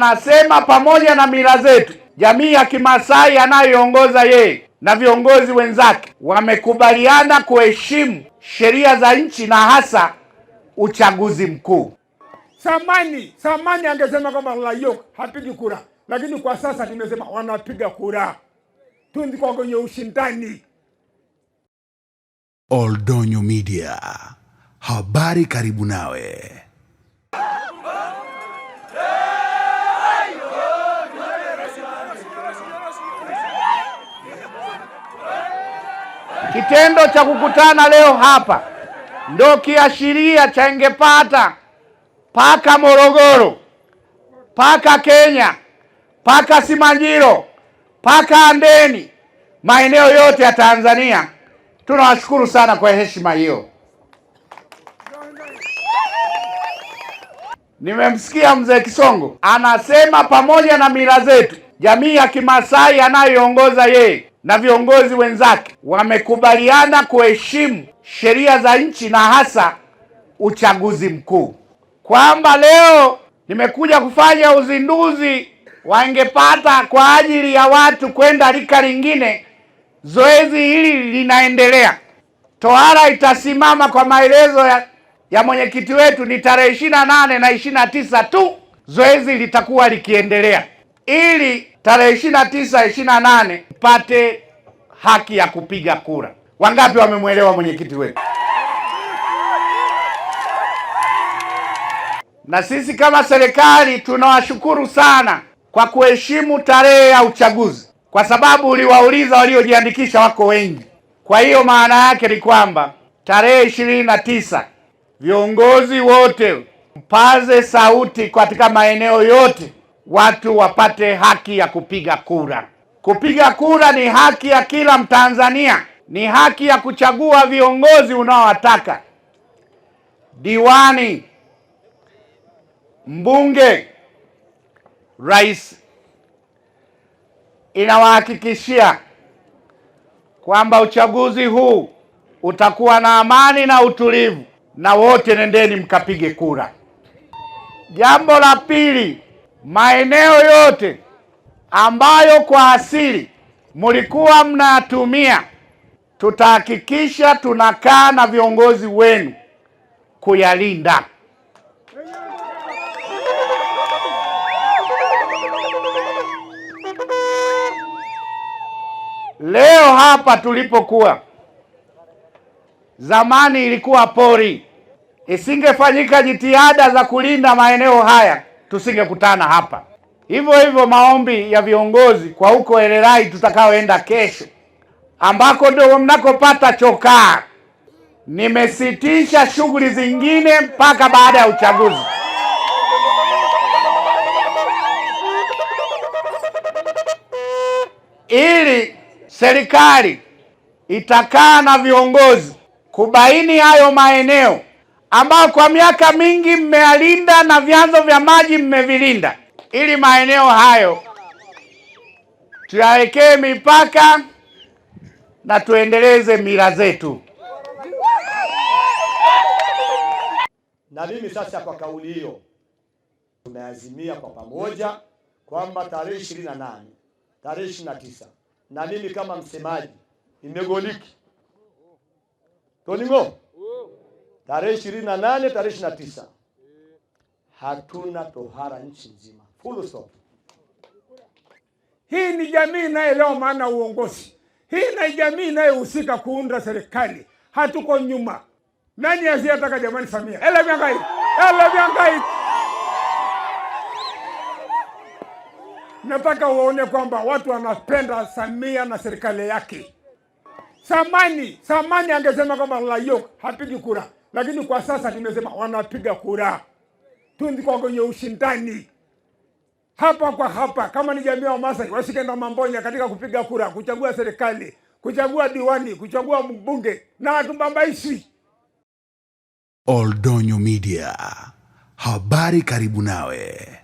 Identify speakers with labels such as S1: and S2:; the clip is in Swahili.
S1: Nasema pamoja na mila zetu, jamii ya Kimasai anayoongoza yeye na viongozi wenzake wamekubaliana kuheshimu sheria za nchi na hasa uchaguzi mkuu.
S2: Samani samani angesema kwamba Layok hapigi kura, lakini kwa sasa nimesema wanapiga kura, tuko kwenye ushindani.
S3: Oldonyo Media, habari karibu nawe.
S1: Kitendo cha kukutana leo hapa ndo kiashiria cha ingepata paka Morogoro, paka Kenya, paka Simanjiro, paka Andeni, maeneo yote ya Tanzania. Tunawashukuru sana kwa heshima hiyo. Nimemsikia mzee Kisongo anasema pamoja na mila zetu, jamii ya Kimasai anayoongoza yeye na viongozi wenzake wamekubaliana kuheshimu sheria za nchi na hasa uchaguzi mkuu, kwamba leo nimekuja kufanya uzinduzi, wangepata kwa ajili ya watu kwenda rika lingine. Zoezi hili linaendelea. Tohara itasimama kwa maelezo ya, ya mwenyekiti wetu ni tarehe ishirini na nane na ishirini na tisa tu, zoezi litakuwa likiendelea ili tarehe ishirini na tisa ishirini na nane haki ya kupiga kura. Wangapi wamemwelewa mwenyekiti wetu? Na sisi kama serikali tunawashukuru sana kwa kuheshimu tarehe ya uchaguzi, kwa sababu uliwauliza waliojiandikisha wako wengi. Kwa hiyo maana yake ni kwamba tarehe ishirini na tisa viongozi wote mpaze sauti katika maeneo yote watu wapate haki ya kupiga kura. Kupiga kura ni haki ya kila Mtanzania, ni haki ya kuchagua viongozi unaowataka, diwani, mbunge, rais. Inawahakikishia kwamba uchaguzi huu utakuwa na amani na utulivu, na wote nendeni mkapige kura. Jambo la pili maeneo yote ambayo kwa asili mlikuwa mnayatumia, tutahakikisha tunakaa na viongozi wenu kuyalinda. Leo hapa tulipokuwa, zamani ilikuwa pori, isingefanyika jitihada za kulinda maeneo haya tusingekutana hapa. Hivyo hivyo maombi ya viongozi kwa huko Elerai tutakaoenda kesho, ambako ndio mnakopata chokaa. Nimesitisha shughuli zingine mpaka baada ya uchaguzi. ili serikali itakaa na viongozi kubaini hayo maeneo ambao kwa miaka mingi mmeyalinda na vyanzo vya maji mmevilinda, ili maeneo hayo tuyawekee mipaka na tuendeleze mila zetu.
S2: Na mimi sasa, kwa kauli hiyo, tumeazimia kwa pamoja kwamba tarehe ishirini na nane tarehe ishirini na tisa na mimi kama msemaji nimegoliki toningo tarehe ishirini na nane tarehe ishirini na tisa hatuna tohara nchi nzima, full stop. Hii ni jamii inayeelewa maana uongozi. Hii na jamii inayohusika kuunda serikali, hatuko nyuma. Nani asiyetaka jamani? Samia ele vyangai ele Nataka uone kwamba watu wanapenda Samia na serikali yake. Samani samani angesema kwamba Layok hapigi kura lakini kwa sasa nimesema wanapiga kura, tuko kwenye ushindani hapa kwa hapa. Kama ni jamii ya Wamasai wasikenda mambonya katika kupiga kura, kuchagua serikali, kuchagua diwani, kuchagua mbunge na watumbambaishi. Oldonyo Media, habari karibu nawe.